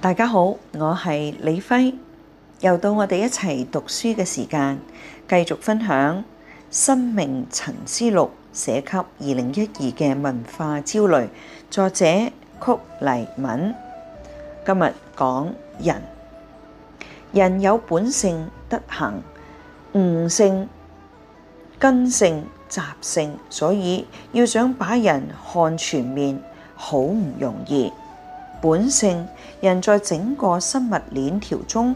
大家好，我係李輝，又到我哋一齊讀書嘅時間，繼續分享《生命沉思錄》寫給二零一二嘅文化焦慮，作者曲黎敏。今日講人，人有本性、德行、悟性、根性、習性，所以要想把人看全面，好唔容易。本性，人在整個生物鏈條中，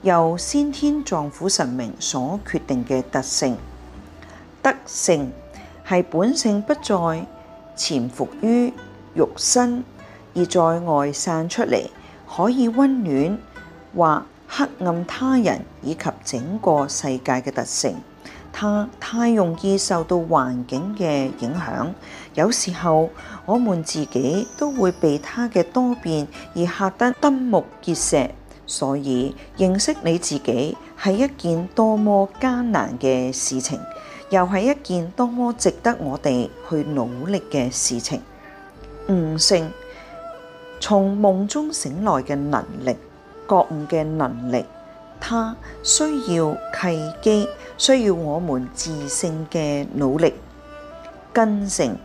由先天臟腑神明所決定嘅特性。德性係本性不再潛伏於肉身，而在外散出嚟，可以溫暖或黑暗他人以及整個世界嘅特性。他太容易受到環境嘅影響，有時候我們自己都會被他嘅多變而嚇得瞠目結舌。所以認識你自己係一件多麼艱難嘅事情，又係一件多麼值得我哋去努力嘅事情。悟性，從夢中醒來嘅能力，覺悟嘅能力。他需要契機，需要我們自性嘅努力。根性，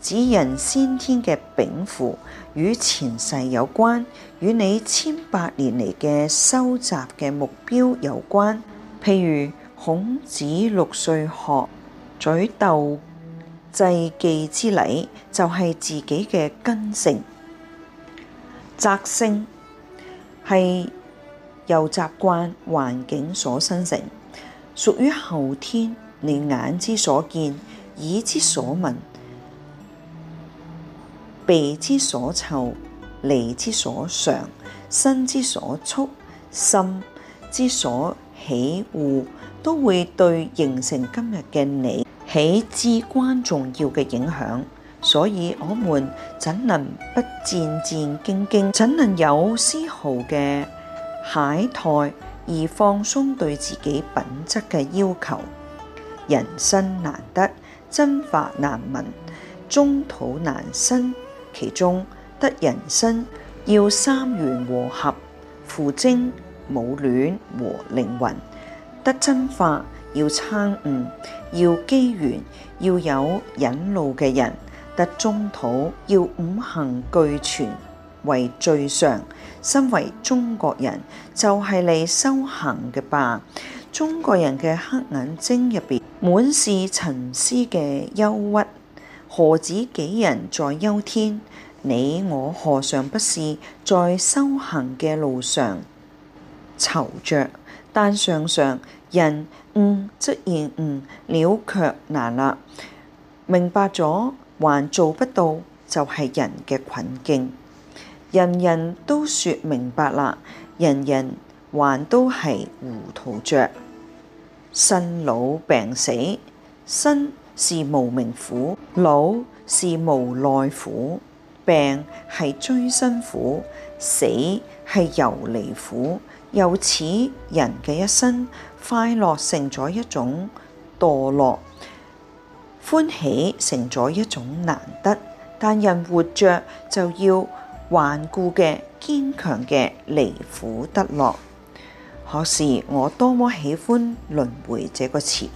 指人先天嘅稟賦，與前世有關，與你千百年嚟嘅收集嘅目標有關。譬如孔子六歲學舉斗祭器之禮，就係、是、自己嘅根性。擇性係。又習慣環境所生成，屬於後天。你眼之所見，耳之所聞，鼻之所嗅，離之所想，身之所促，心之所起，都會對形成今日嘅你起至關重要嘅影響。所以，我們怎能不戰戰兢兢，怎能有絲毫嘅？懈怠而放鬆對自己品質嘅要求，人生難得，真法難聞，中土難生。其中得人身要三緣和合，父精母卵和靈魂；得真法要參悟，要機緣，要有引路嘅人；得中土要五行俱全。為最上，身為中國人就係、是、你修行嘅吧。中國人嘅黑眼睛入邊滿是沉思嘅憂鬱，何止幾人在憂天？你我何嘗不是在修行嘅路上躊躇？但常常人悟則、嗯、然悟、嗯、了，卻難啦。明白咗還做不到，就係、是、人嘅困境。人人都說明白啦，人人還都係糊塗着：「生老病死，生是無名苦，老是無奈苦，病係錐心苦，死係遊離苦。由此人嘅一生，快樂成咗一種墮落，歡喜成咗一種難得。但人活着就要。頑固嘅、堅強嘅、離苦得樂，可是我多麼喜歡輪迴這個詞，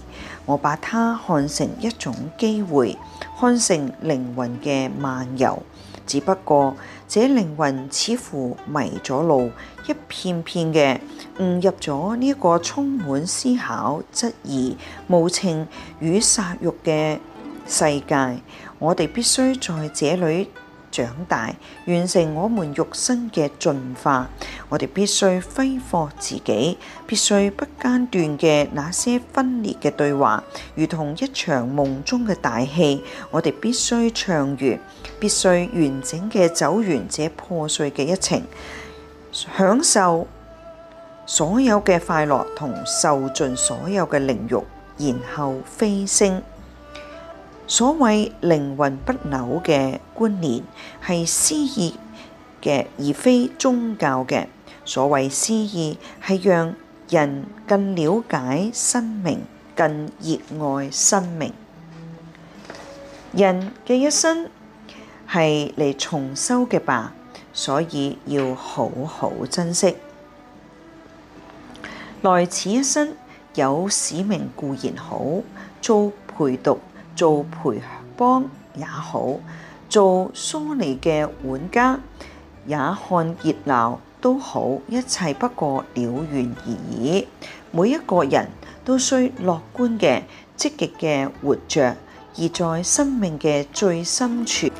我把它看成一種機會，看成靈魂嘅漫遊。只不過這靈魂似乎迷咗路，一片片嘅誤入咗呢個充滿思考、質疑、無情與殺戮嘅世界。我哋必須在這裏。長大，完成我們肉身嘅進化，我哋必須揮霍自己，必須不間斷嘅那些分裂嘅對話，如同一場夢中嘅大戲，我哋必須唱完，必須完整嘅走完這破碎嘅一程，享受所有嘅快樂同受盡所有嘅凌辱，然後飛升。所謂靈魂不朽嘅觀念係詩意嘅，而非宗教嘅。所謂詩意係讓人更了解生命，更熱愛生命。人嘅一生係嚟重修嘅吧，所以要好好珍惜。來此一生有使命固然好，做陪讀。做培幫也好，做疏離嘅玩家也看熱鬧都好，一切不過了緣而已。每一個人都需樂觀嘅積極嘅活着，而在生命嘅最深處，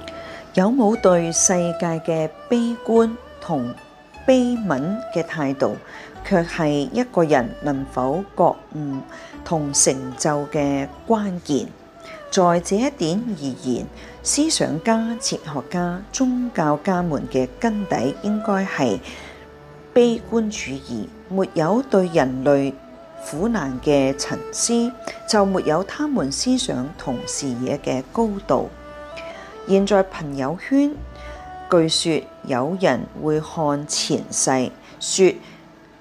有冇對世界嘅悲觀同悲憫嘅態度，卻係一個人能否覺悟同成就嘅關鍵。在這一點而言，思想家、哲學家、宗教家們嘅根底應該係悲觀主義，沒有對人類苦難嘅沉思，就沒有他們思想同視野嘅高度。現在朋友圈據說有人會看前世，說，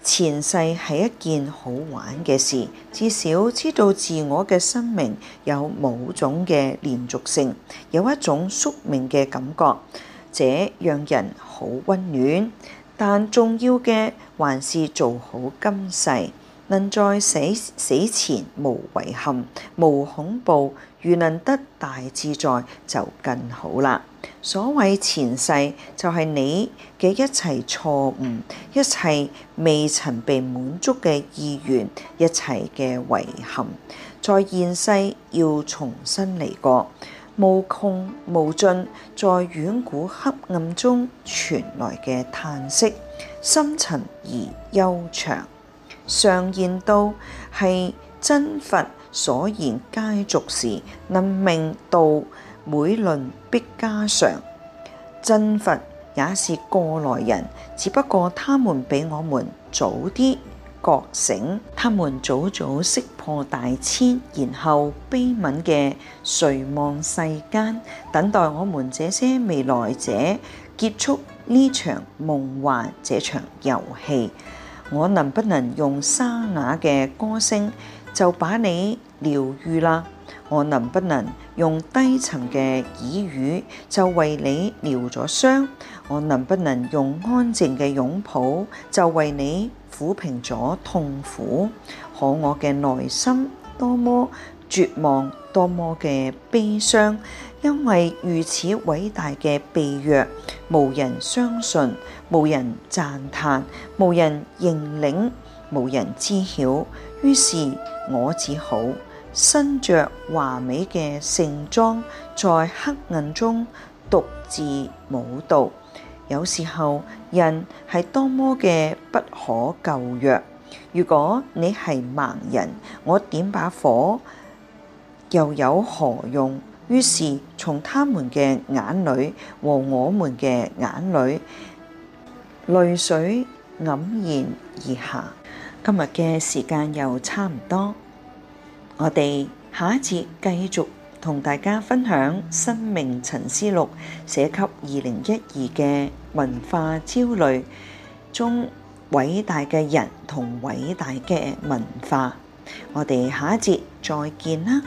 前世係一件好玩嘅事，至少知道自我嘅生命有某種嘅連續性，有一種宿命嘅感覺，這讓人好溫暖。但重要嘅還是做好今世，能在死死前無遺憾、無恐怖，如能得大自在，就更好啦。所謂前世，就係你嘅一切錯誤，一切未曾被滿足嘅意願，一切嘅遺憾，在現世要重新嚟過，無窮無盡，在遠古黑暗中傳來嘅嘆息，深沉而悠長。常言道，係真佛所言皆俗事，能命道。每輪必加常，真佛也是過來人，只不過他們比我們早啲覺醒，他們早早識破大千，然後悲憫嘅垂望世間，等待我們這些未來者結束呢場夢幻、這場遊戲。我能不能用沙啞嘅歌聲就把你療愈啦？我能不能用低沉嘅耳語就為你療咗傷？我能不能用安靜嘅擁抱就為你撫平咗痛苦？可我嘅內心多麼絕望，多麼嘅悲傷，因為如此偉大嘅秘藥，無人相信，無人讚嘆，無人認領，無人知曉。於是我只好。身着華美嘅盛裝，在黑暗中獨自舞蹈。有時候，人係多麼嘅不可救藥。如果你係盲人，我點把火又有何用？於是，從他們嘅眼裏和我們嘅眼裏，淚水黯然而下。今日嘅時間又差唔多。我哋下一節繼續同大家分享《生命沉思錄》，寫給二零一二嘅文化焦慮，中偉大嘅人同偉大嘅文化。我哋下一節再見啦！